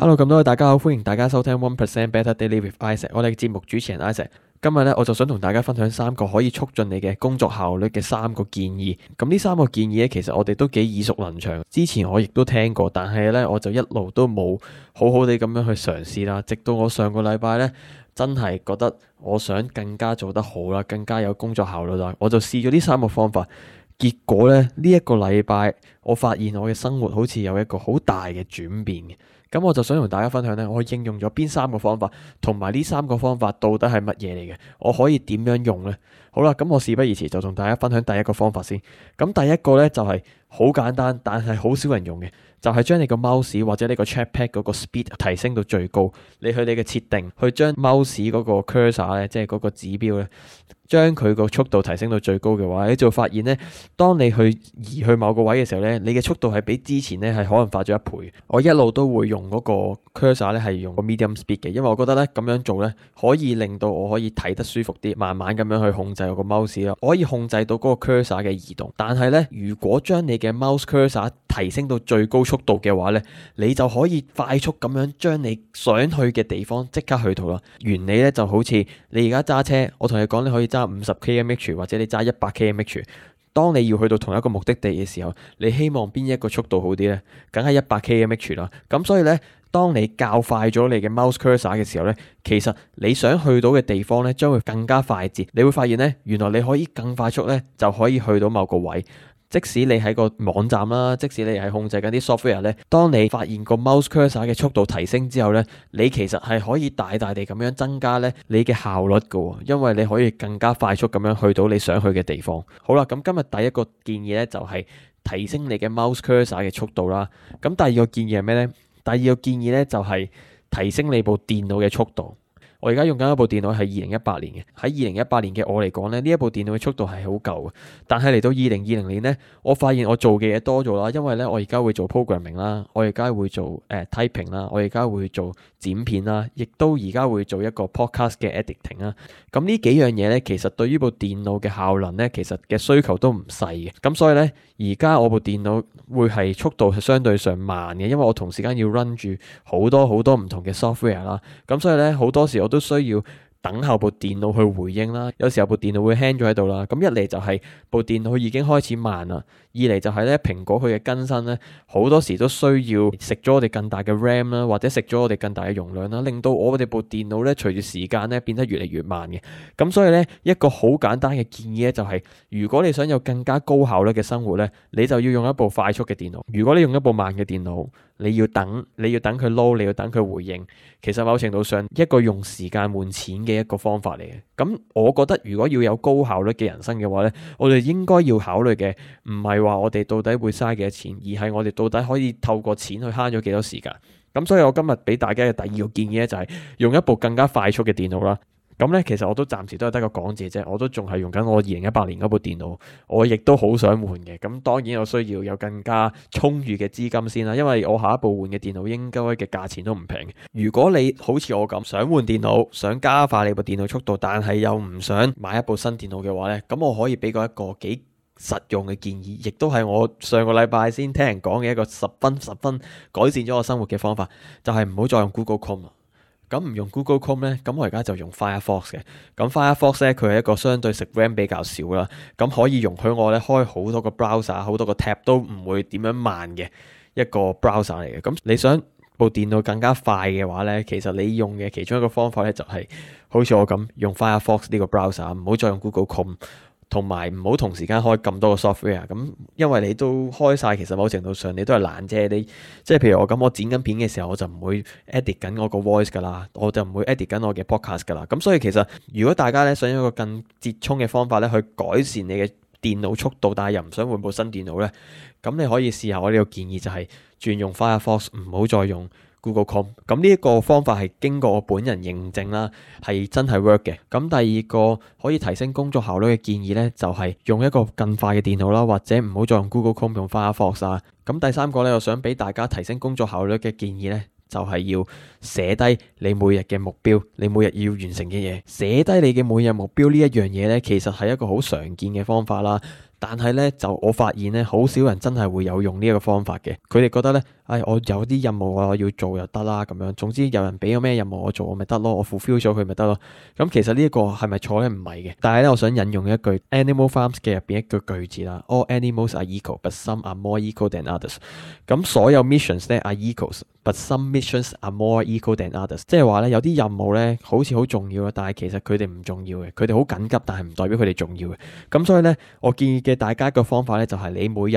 hello，咁多位大家好，歡迎大家收聽 One Percent Better Daily with Isaac，我哋嘅節目主持人 Isaac，今日咧我就想同大家分享三個可以促進你嘅工作效率嘅三個建議。咁呢三個建議咧，其實我哋都幾耳熟能詳，之前我亦都聽過，但係咧我就一路都冇好好地咁樣去嘗試啦。直到我上個禮拜咧，真係覺得我想更加做得好啦，更加有工作效率啦，我就試咗呢三個方法，結果咧呢一個禮拜我發現我嘅生活好似有一個好大嘅轉變嘅。.咁我就想同大家分享呢，我應用咗邊三個方法，同埋呢三個方法到底係乜嘢嚟嘅？我可以點樣用呢？好啦，咁我事不宜遲，就同大家分享第一個方法先。咁第一個呢，就係、是、好簡單，但係好少人用嘅，就係、是、將你個 mouse 或者呢個 trackpad 嗰個 speed 提升到最高，你去你嘅設定去將 mouse 嗰個 cursor 呢，即係嗰個指標呢。將佢個速度提升到最高嘅話，你就發現呢，當你去移去某個位嘅時候呢，你嘅速度係比之前呢係可能快咗一倍。我一路都會用嗰個 cursor 咧，係用個 medium speed 嘅，因為我覺得呢，咁樣做呢，可以令到我可以睇得舒服啲，慢慢咁樣去控制我個 mouse 咯，可以控制到嗰個 cursor 嘅移動。但係呢，如果將你嘅 mouse cursor 提升到最高速度嘅話呢，你就可以快速咁樣將你想去嘅地方即刻去到啦。原理呢就好似你而家揸車，我同你講你可以揸。揸五十 k m h 或者你揸一百 k m h，當你要去到同一個目的地嘅時候，你希望邊一個速度好啲呢？梗係一百 k m h 啦。咁所以呢，當你較快咗你嘅 mouse cursor 嘅時候呢，其實你想去到嘅地方呢，將會更加快捷。你會發現呢，原來你可以更快速呢，就可以去到某個位。即使你喺個網站啦，即使你係控制緊啲 software 咧，當你發現個 mouse cursor 嘅速度提升之後咧，你其實係可以大大地咁樣增加咧你嘅效率噶。因為你可以更加快速咁樣去到你想去嘅地方。好啦，咁今日第一個建議咧就係提升你嘅 mouse cursor 嘅速度啦。咁第二個建議係咩咧？第二個建議咧就係提升你部電腦嘅速度。我而家用緊一部電腦係二零一八年嘅，喺二零一八年嘅我嚟講咧，呢一部電腦嘅速度係好夠嘅。但係嚟到二零二零年咧，我發現我做嘅嘢多咗啦，因為咧我而家會做 programming 啦，我而家會做誒、呃、typing 啦，我而家會做剪片啦，亦都而家會做一個 podcast 嘅 editing 啦。咁呢幾樣嘢咧，其實對於部電腦嘅效能咧，其實嘅需求都唔細嘅。咁所以咧，而家我部電腦會係速度係相對上慢嘅，因為我同時間要 run 住好多好多唔同嘅 software 啦。咁所以咧，好多時我都需要等候部電腦去回應啦。有時候部電腦會 hang 咗喺度啦。咁一嚟就係部電腦已經開始慢啦，二嚟就係咧，蘋果佢嘅更新咧，好多時都需要食咗我哋更大嘅 RAM 啦，或者食咗我哋更大嘅容量啦，令到我哋部電腦咧隨住時間咧變得越嚟越慢嘅。咁所以咧，一個好簡單嘅建議咧就係，如果你想有更加高效率嘅生活咧，你就要用一部快速嘅電腦。如果你用一部慢嘅電腦，你要等，你要等佢撈，你要等佢回應。其實某程度上，一個用時間換錢嘅一個方法嚟嘅。咁我覺得，如果要有高效率嘅人生嘅話呢，我哋應該要考慮嘅唔係話我哋到底會嘥幾多錢，而係我哋到底可以透過錢去慳咗幾多時間。咁所以我今日俾大家嘅第二個建議咧，就係用一部更加快速嘅電腦啦。咁咧，其實我都暫時都係得個講字啫，我都仲係用緊我二零一八年嗰部電腦，我亦都好想換嘅。咁當然我需要有更加充裕嘅資金先啦，因為我下一部換嘅電腦應該嘅價錢都唔平。如果你好似我咁想換電腦，想加快你部電腦速度，但係又唔想買一部新電腦嘅話呢，咁我可以俾個一個幾實用嘅建議，亦都係我上個禮拜先聽人講嘅一個十分十分改善咗我生活嘅方法，就係唔好再用 Google Chrome 啦。咁唔用 Google Chrome 咧，咁我而家就用 Firefox 嘅。咁 Firefox 咧，佢係一個相對食 RAM 比較少啦，咁可以容許我咧開好多個 browser，好多個 tab 都唔會點樣慢嘅一個 browser 嚟嘅。咁你想部電腦更加快嘅話咧，其實你用嘅其中一個方法咧就係，是，好似我咁用 Firefox 呢個 browser，唔好再用 Google Chrome。同埋唔好同時間開咁多個 software 咁，因為你都開晒，其實某程度上你都係懶啫。你即係譬如我咁，我剪緊片嘅時候，我就唔會 edit 緊我個 voice 噶啦，我就唔會 edit 緊我嘅 podcast 噶啦。咁所以其實如果大家咧想一個更折衷嘅方法咧，去改善你嘅電腦速度，但係又唔想換部新電腦咧，咁你可以試下我呢個建議、就是，就係轉用 Firefox，唔好再用。Google.com，咁呢一個方法係經過我本人認證啦，係真係 work 嘅。咁第二個可以提升工作效率嘅建議呢，就係、是、用一個更快嘅電腦啦，或者唔好再用 Google Chrome 用 Firefox 啦。咁第三個呢，我想俾大家提升工作效率嘅建議呢，就係要寫低你每日嘅目標，你每日要完成嘅嘢。寫低你嘅每日目標呢一樣嘢呢，其實係一個好常見嘅方法啦。但係咧，就我發現咧，好少人真係會有用呢一個方法嘅。佢哋覺得咧，唉、哎，我有啲任務我要做就得啦，咁樣。總之有人俾個咩任務我做我，我咪得咯，我 fulfill 咗佢咪得咯。咁其實呢一個係咪錯咧？唔係嘅。但係咧，我想引用一句 Animal Farms 嘅入邊一句句子啦：All animals are equal, but some are more equal than others。咁、嗯、所有 missions 咧 are equals, but some missions are more equal than others。即係話咧，有啲任務咧好似好重要啊，但係其實佢哋唔重要嘅。佢哋好緊急，但係唔代表佢哋重要嘅。咁所以咧，我建議，嘅大家嘅方法咧，就係你每日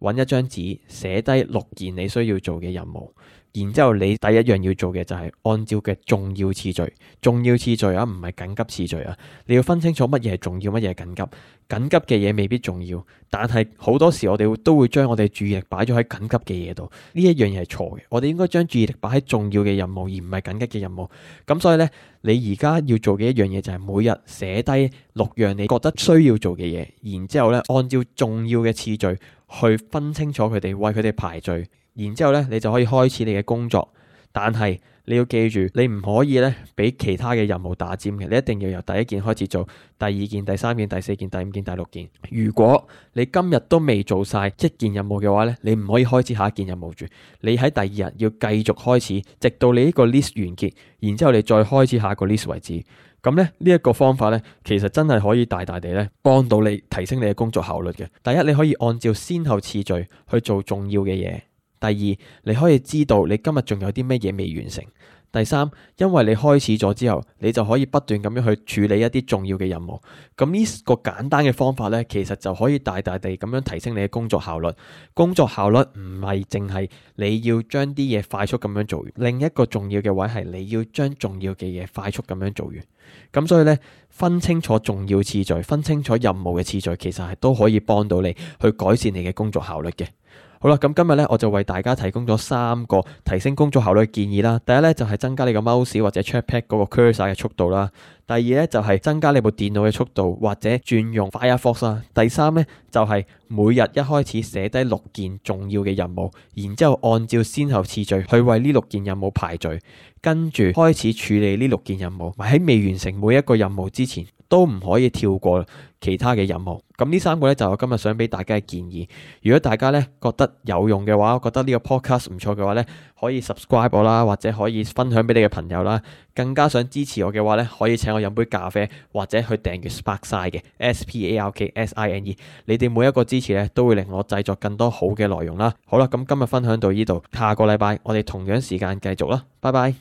揾一張紙，寫低六件你需要做嘅任務。然之後，你第一樣要做嘅就係按照嘅重要次序，重要次序啊，唔係緊急次序啊。你要分清楚乜嘢係重要，乜嘢係緊急。緊急嘅嘢未必重要，但係好多時我哋都會將我哋注意力擺咗喺緊急嘅嘢度。呢一樣嘢係錯嘅，我哋應該將注意力擺喺重要嘅任，任務，而唔係緊急嘅任務。咁所以呢，你而家要做嘅一樣嘢就係每日寫低六樣你覺得需要做嘅嘢，然之後呢，按照重要嘅次序去分清楚佢哋，為佢哋排序。然之後咧，你就可以開始你嘅工作。但係你要記住，你唔可以咧俾其他嘅任務打尖嘅。你一定要由第一件開始做，第二件、第三件、第四件、第五件、第六件。如果你今日都未做晒一件任務嘅話咧，你唔可以開始下一件任務住。你喺第二日要繼續開始，直到你呢個 list 完結。然之後你再開始下一個 list 為止。咁咧，呢一個方法咧，其實真係可以大大地咧幫到你提升你嘅工作效率嘅。第一，你可以按照先後次序去做重要嘅嘢。第二，你可以知道你今日仲有啲乜嘢未完成。第三，因為你開始咗之後，你就可以不斷咁樣去處理一啲重要嘅任務。咁呢個簡單嘅方法呢，其實就可以大大地咁樣提升你嘅工作效率。工作效率唔係淨係你要將啲嘢快速咁樣做完，另一個重要嘅位係你要將重要嘅嘢快速咁樣做完。咁所以呢，分清楚重要次序，分清楚任務嘅次序，其實係都可以幫到你去改善你嘅工作效率嘅。好啦，咁今日咧，我就為大家提供咗三個提升工作效率嘅建議啦。第一咧就係、是、增加你個 mouse 或者 chat pad 嗰個 cursor 嘅速度啦。第二咧就係、是、增加你部電腦嘅速度或者轉用 Firefox 啦；第三咧就係、是、每日一開始寫低六件重要嘅任務，然之後按照先後次序去為呢六件任務排序，跟住開始處理呢六件任務，喺未完成每一個任務之前都唔可以跳過其他嘅任務。咁呢三個呢，就係、我今日想俾大家嘅建議。如果大家呢，覺得有用嘅話，覺得呢個 podcast 唔錯嘅話呢，可以 subscribe 我啦，或者可以分享俾你嘅朋友啦。更加想支持我嘅話呢，可以請我飲杯咖啡，或者去訂閱 sparkside 嘅 S P A R K S I N E。你哋每一個支持呢，都會令我製作更多好嘅內容啦。好啦，咁今日分享到呢度，下個禮拜我哋同樣時間繼續啦。拜拜。